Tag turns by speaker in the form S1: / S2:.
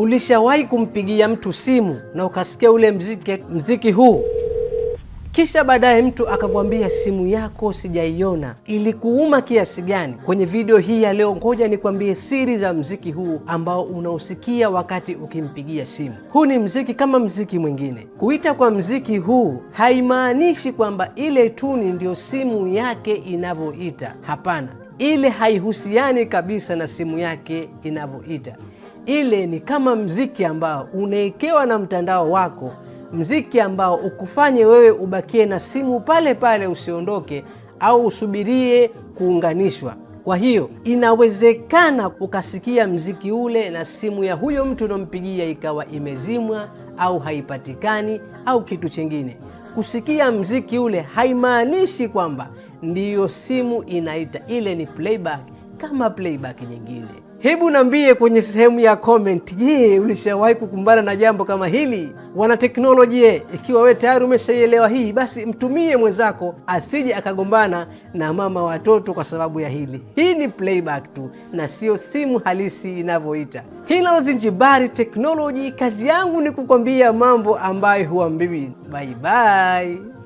S1: Ulishawahi kumpigia mtu simu na ukasikia ule mziki, mziki huu kisha baadaye mtu akakwambia simu yako sijaiona, ilikuuma kiasi gani? Kwenye video hii ya leo, ngoja nikwambie siri za mziki huu ambao unausikia wakati ukimpigia simu. Huu ni mziki kama mziki mwingine. Kuita kwa mziki huu haimaanishi kwamba ile tuni ndiyo simu yake inavyoita. Hapana, ile haihusiani kabisa na simu yake inavyoita ile ni kama mziki ambao unaekewa na mtandao wako, mziki ambao ukufanye wewe ubakie na simu pale pale, usiondoke au usubirie kuunganishwa. Kwa hiyo inawezekana ukasikia mziki ule na simu ya huyo mtu unaompigia ikawa imezimwa au haipatikani au kitu chingine. Kusikia mziki ule haimaanishi kwamba ndiyo simu inaita, ile ni playback kama playback nyingine. Hebu nambie kwenye sehemu ya comment, je, ulishawahi kukumbana na jambo kama hili? Wana teknolojia, ikiwa wewe tayari umeshaielewa hii, basi mtumie mwenzako asije akagombana na mama watoto kwa sababu ya hili. Hii ni playback tu na sio simu halisi inavyoita. Hilo Zinjibari Technology, kazi yangu ni kukwambia mambo ambayo huambiwi. Bye bye.